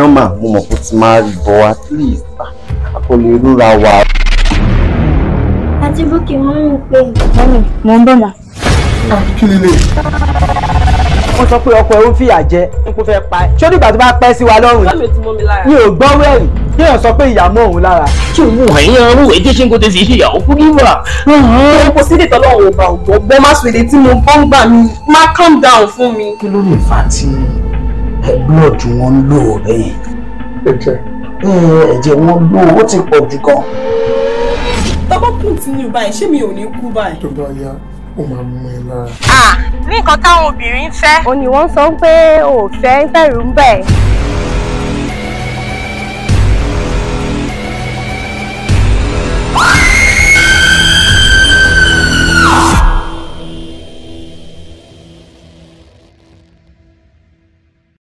nọ́mà mo mọ̀ kó ti máa rí bọ̀ at least kò lè rúra wà. àti bókè wọn ń pè mọ́mì mò ń bọ̀ mà. Ah, kí ni lè. wọ́n sọ pé ọkọ ẹ̀ ń fìyà jẹ n kò fẹ́ pa ẹ̀. ṣó nígbà tó bá pẹ́ sí wa lọ́rùn mi ò gbọ́ wẹ́rì yóò sọ pé ìyá mọ́ òun lára. tí òun wà yín arú ẹ jẹ́ ṣe ń kó tẹ̀sí iṣẹ́ ìyàwó fún gíga. kò sí ìdìtọ́ lọ́wọ́ ọba ògbọ́n bẹ́ẹ̀ má sọ èdè tí mo bọ́ ń gbà mí má calm down fún mi. kí ló lè fà á tí blood wọn ń lò bẹ́yìn. ẹ̀jẹ̀. ẹ̀jẹ̀ wọn lò ó ti pọ̀ jù gan. tọ́bá continue báyìí ṣé mi ò ní kú báyìí. tó bá yá ó máa mú ẹ lára. ní nǹkan táwọn obìnrin ń fẹ́. òní wọ́n sọ pé òòfẹ́ ń fẹ́rù ń bẹ̀.